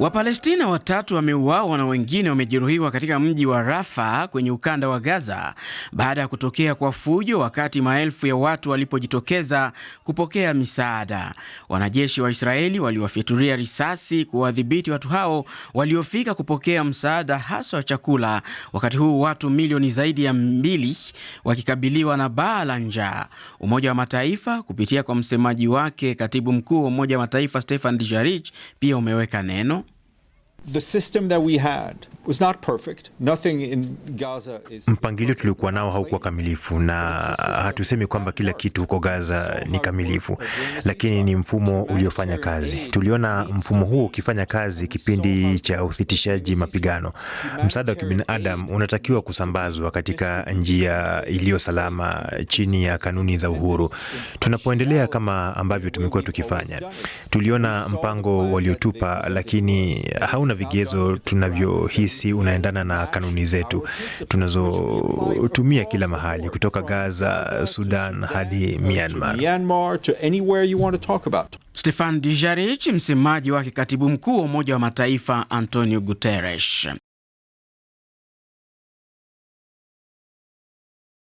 Wapalestina watatu wameuawa na wengine wamejeruhiwa katika mji wa Rafa kwenye ukanda wa Gaza baada ya kutokea kwa fujo wakati maelfu ya watu walipojitokeza kupokea misaada. Wanajeshi wa Israeli waliwafyatulia risasi kuwadhibiti watu hao waliofika kupokea msaada hasa wa chakula, wakati huu watu milioni zaidi ya mbili wakikabiliwa na baa la njaa. Umoja wa Mataifa kupitia kwa msemaji wake katibu mkuu wa Umoja wa Mataifa Stefan Dijarich pia umeweka neno the system that we had Mpangilio tuliokuwa nao haukuwa kamilifu, na hatusemi kwamba kila kitu huko Gaza ni kamilifu, lakini ni mfumo uliofanya kazi. Tuliona mfumo huu ukifanya kazi kipindi cha uthitishaji mapigano. Msaada wa kibinadamu unatakiwa kusambazwa katika njia iliyo salama chini ya kanuni za uhuru. Tunapoendelea kama ambavyo tumekuwa tukifanya, tuliona mpango waliotupa, lakini hauna vigezo tunavyohisi sisi unaendana na kanuni zetu tunazotumia kila mahali, kutoka Gaza, Sudan hadi Myanmar. Stefan Dujarric, msemaji wake katibu mkuu wa Umoja wa Mataifa Antonio Guterres.